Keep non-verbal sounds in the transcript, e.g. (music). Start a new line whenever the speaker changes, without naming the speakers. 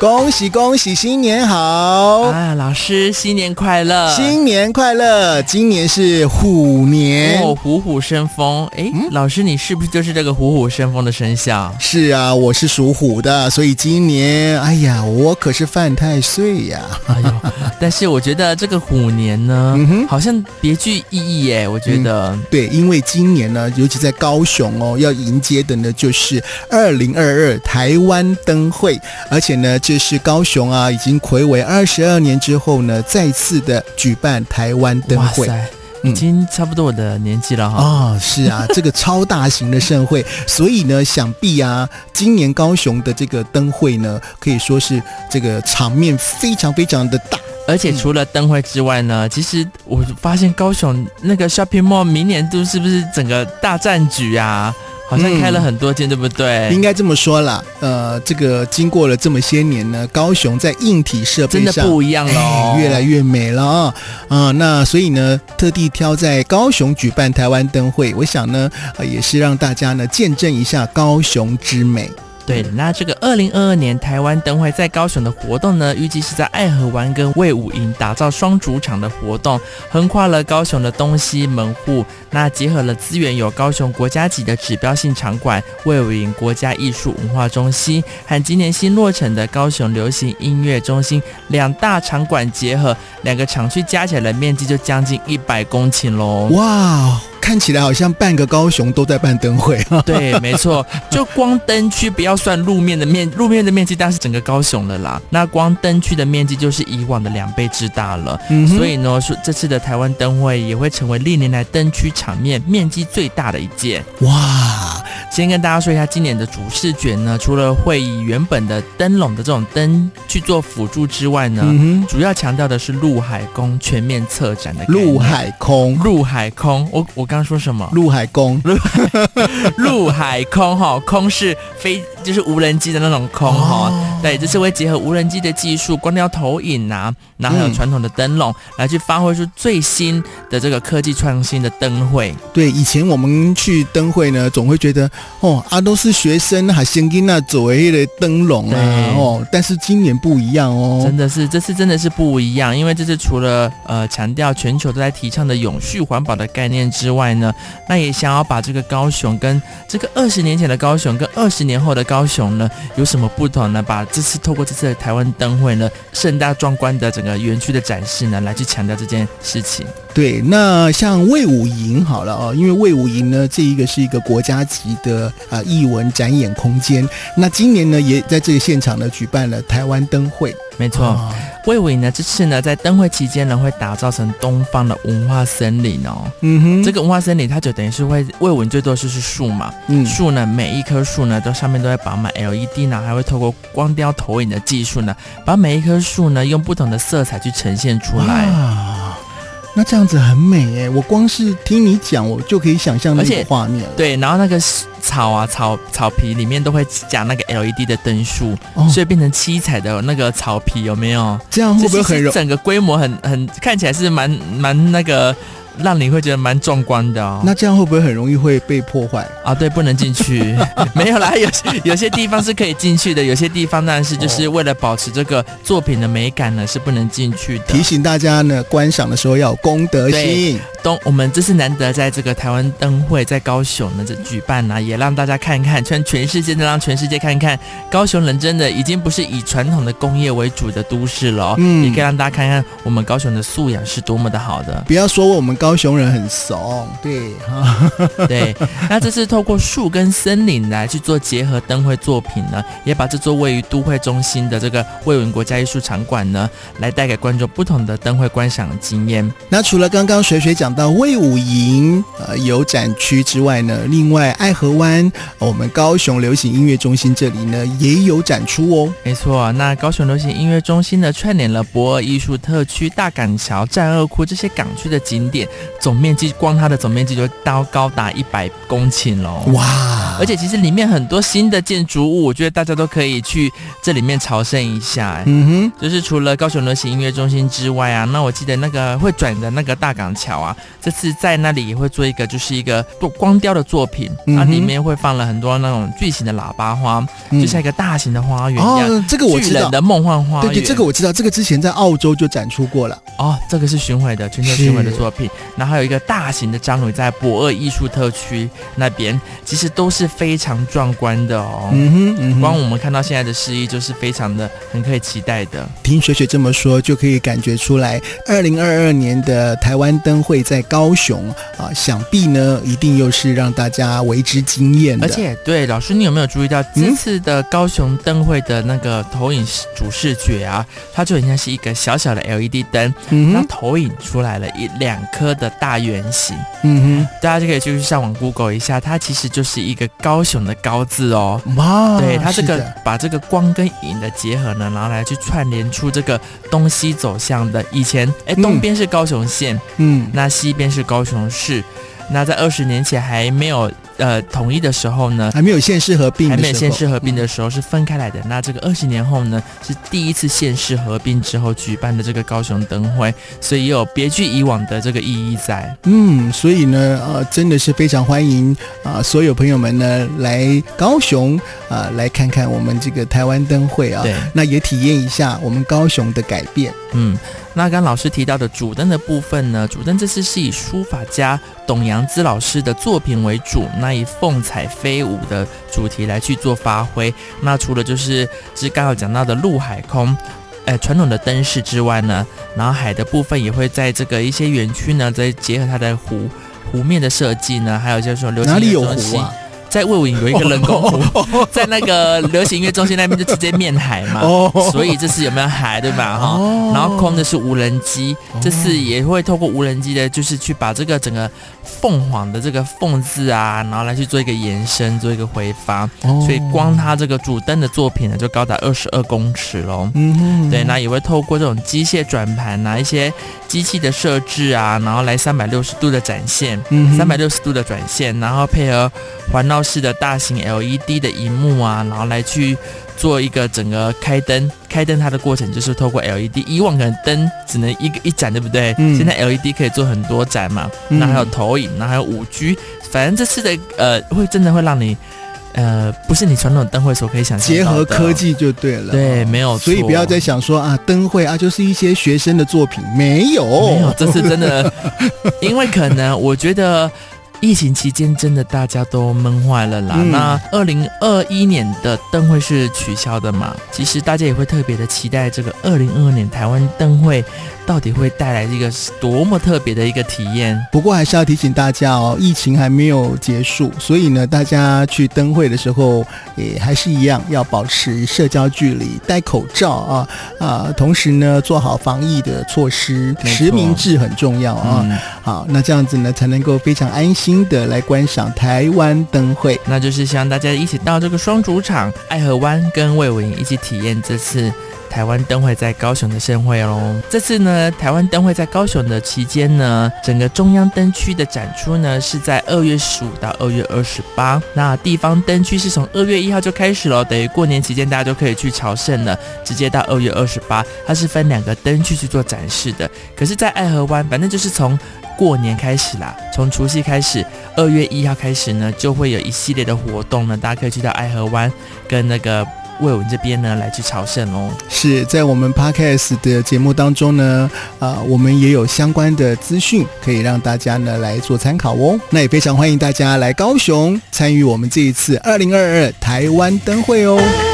恭喜恭喜，新年好啊！老
師，新年快樂！新年快樂！今年是虎年，哦，虎虎生風。哎，嗯、老師，你是不是就是這個虎虎生風的生肖？是啊，我是
屬虎的，所以今年，哎呀，我可是犯太歲呀、啊！哎呦，
但是我覺得這個虎年呢，嗯、哼好像別具意義耶。我覺得、嗯，對，
因為今年呢，尤其在高雄哦，要迎接的呢就是二零二二台灣燈會，而且呢。這是高雄啊，已經睽違二十二年之後呢，再次的舉辦台灣燈會，塞嗯、已
經差不多我的年紀
了哈。啊、哦，是啊， (laughs) 這個超大型的盛會，所以呢，想必啊，今年高
雄的這個燈會呢，可以說是這個場面非常非常的大。嗯、而且除了燈會之外呢，其實我發現高雄那個 shopping mall 明年度是不是整個大戰局啊？好像開了很多間，嗯、對不對？應
該這麼說啦，呃，這個經過了這麼些年呢，高雄在硬體設備上真的不一樣了、哦。越來越美了啊、哦！啊、呃，那所以呢，特地挑在高雄舉辦台灣燈會，我想呢，呃、也是讓大家呢見證一下高雄之美。
對的，那這個二零二二年台灣燈會在高雄的活動呢，預計是在愛河灣跟衛武營打造雙主場的活動，橫跨了高雄的東西門戶。那結合了資源，有高雄國家級的指標性場館衛武營國家藝術文化中心，和今年新落成的高雄流行音樂中心兩大場館結合，兩個場區加起來的面積就將近一百公頃嘍。哇！
看起來好像半個高雄都在辦燈會，對，沒錯，
就光燈區不要算路面的面，路面的面積，當然是整個高雄了啦。那光燈區的面積就是以往的兩倍之大了，嗯、哼所以呢，說這次的台灣燈會也會成為歷年來燈區場面面積最大的一屆，哇！先跟大家說一下今年的主視覺呢，除了會以原本的燈籠的這種燈去做輔助之外呢，嗯、主要強調的是陸海空全面策展的。陸海空，陸海空。我我剛剛說什麼？陸海， (laughs) 海，海空，陸海空哈，空是飛，就是無人機的那種空哈。哦對，這次會結合無人機的技術、光雕投影啊，然後還有傳統的燈籠，嗯、來去發揮出最新的這個科技創新的燈會。對，
以前我們去燈會呢，總會覺得哦，阿、啊、都是學生還先跟那走一的燈籠啊，對哦，但是今年不一樣哦，
真的是這次真的是不一樣，因為這次除了呃強調全球都在提倡的永續環保的概念之外呢，那也想要把這個高雄跟這個二十年前的高雄跟二十年後的高雄呢有什麼不同呢？把這次透過這次的台灣燈會呢，盛大壯觀的整個園區的展示呢，來去強調這件事情。
對，那像衛武營好了哦，因為衛武營呢，這一個是一個國家級的啊、呃、藝文展演空間。那今年呢，也在這個現場呢，舉辦了台灣燈會。
沒錯。哦衛武營呢，這次呢，在燈會期間呢，會打造成東方的文化森林哦。嗯哼，這個文化森林它就等於是會衛武營最多就是，是樹嘛。嗯，樹呢，每一棵樹呢，都上面都會綁滿 LED 呢，還會透過光雕投影的技術呢，把每一棵樹呢，用不同的色彩去呈現出來。啊
那這樣子很美哎、欸，我光是聽你講，我就可以想象那些畫面了。
對，然後那個草啊、草草皮裡面都會講那個 L E D 的燈數，哦、所以變成七彩的那個草皮，有沒有？這樣會不會很、就是就是、整個規模很很看起來是蠻蠻那個。讓你會覺得蠻壯觀的哦，那這
樣會不會很容易會被破壞啊、哦？對，不能進去。
(laughs) 沒有啦，有些有些地方是可以進去的，有些地方當然是就是為了保持這個作品的美感呢，是不能進去的。提
醒大家呢，觀賞的時候要有公德心。
東，我們這是難得在這個台灣燈會在高雄呢這舉辦呢、啊，也讓大家看看，全全世界的讓全世界看看，高雄人真的已經不是以傳統的工業為主的都市了、哦。嗯，也可以讓大家看看我們高雄的素養是多麼的好的。
不要說我們。高雄人很慫，對哈，
對。對 (laughs) 那這是透過樹跟森林來去做結合燈會作品呢，也把這座位於都會中心的這個衛武營國家藝術場館呢，來帶給觀眾不同的燈會觀賞的經驗。
那除了剛剛水水講到衛武營呃有展區之外呢，另外愛河灣我們高雄流行音樂中心這裡呢
也有展出哦。沒錯啊，那高雄流行音樂中心呢串聯了駁二藝術特區、大港橋、棧貳庫這些港區的景點。總面積光它的總面積就會高高達一百公頃嘍！哇！而且其實裡面很多新的建築物，我覺得大家都可以去這裡面朝聖一下。嗯哼，就是除了高雄流行音樂中心之外啊，那我記得那個會轉的那個大港橋啊，這次在那裡也會做一個，就是一個光雕的作品，啊，那裡面會放了很多那種巨型的喇叭花，就像一個大型的花園一樣，巨人的夢幻花園，嗯哦。這個我知道，巨人的夢幻花園。對對，這個
我知道，這個之前在澳洲就展出
過了。哦，這個是巡回的全球巡回的作品。然後還有一個大型的章魚在駁二藝術特區那邊，其實都是非常壯觀的哦。嗯哼，嗯哼。光我們看到現在的示意就是非常的很可以期待的。
聽雪雪這麼說，就可以感覺出來，二零二二年的台灣燈會在高雄啊、呃，想必呢一定又是讓大家為之驚艷的。而且，
對老師，你有沒有注意到這次的高雄燈會的那個投影主視覺啊？它就很像是一個小小的 LED 燈，嗯，那投影出來了一兩顆的大圓形，嗯哼，大家就可以去上網 Google 一下，它其實就是一個高雄的“高”字哦。哇，對，它這個的把這個光跟影的結合呢，然後來去串聯出這個東西走向的。以前，哎，東邊是高雄縣，嗯，那西邊是高雄市。那在二十年前還沒有。呃，統一的時候呢，還
沒有縣市合併，還沒有縣市合
併的時候是分開來的。那這個二十年後呢，是第一次縣市合併之後舉辦的這個高雄燈會，所以也有別具以往的這個意義在。
嗯，所以呢，呃，真的是非常歡迎啊，呃，所有朋友們呢來高雄啊，呃，來看看我們這個台灣燈會啊，對那也體驗一下我們高雄的改變。
嗯。那剛，剛老師提到的主燈的部分呢？主燈這次是以書法家董陽孜老師的作品為主，那以鳳彩飛舞的主題來去做發揮。那除了就是是剛好講到的陸海空，哎、呃，傳統的燈飾之外呢，然後海的部分也會在這個一些園區呢，再結合它的湖湖面的設計呢，還有就是說哪裡有湖啊？在衛武營有一個人工湖， (laughs) 在那個流行音樂中心那邊就直接面海嘛， (laughs) 所以這次有沒有海對吧？哈、哦，哦、然後空的是無人機，哦、這次也會透過無人機的，就是去把這個整個鳳凰的這個“鳳”字啊，然後來去做一個延伸，做一個回放，哦、所以光它這個主燈的作品呢，就高達二十二公尺嘍。嗯,嗯，對，那也會透過這種機械轉盤啊，一些機器的設置啊，然後來三百六十度的展現，三百六十度的轉線，然後配合環繞。式的大型 LED 的熒幕啊，然後來去做一個整個開燈，開燈它的過程就是透過 LED，以往可能燈只能一個一盞，對不對？嗯、現在 LED 可以做很多盞嘛，那、嗯、還有投影，那還有五 G，反正這次的呃，會真的會讓你呃，不是你傳統燈會所可以想象結合科技
就對了。對，沒有。所以不要再想說啊，燈會啊，就是一些學生的作
品，沒有，沒有，這次真的， (laughs) 因為可能我覺得。疫情期間真的大家都悶壞了啦。嗯、那二零二一年的燈會是取消的嘛。其實大家也會特別的期待這個二零二二年台灣燈會到底會帶來一個多麼特別的一個體驗。
不過還是要提醒大家哦，疫情還沒有結束，所以呢，大家去燈會的時候也還是一樣要保持社交距離、戴口罩啊啊！同時呢，做好防疫的措施，實名制很重要啊。嗯、好，那這樣子呢，才能夠非常安心。的
來觀賞台灣燈會，那就是希望大家一起到這個雙主場愛河灣跟魏文一起體驗這次台灣燈會在高雄的盛會哦。這次呢，台灣燈會在高雄的期間呢，整個中央燈區的展出呢是在二月十五到二月二十八，那地方燈區是從二月一號就開始了，等於過年期間大家都可以去朝聖了，直接到二月二十八，它是分兩個燈區去做展示的。可是，在愛河灣，反正就是從。過年開始啦，從除夕開始，二月一號開始呢，就會有一系列的活動呢，大家可以去到愛河灣跟那個魏文這邊呢來去朝聖哦。
是在我們 podcast 的節目當中呢，啊、呃，我們也有相關的資訊可以讓大家呢來做參考哦。那也非常歡迎大家來高雄參與我們這一次二零二二台灣燈會哦。 (laughs)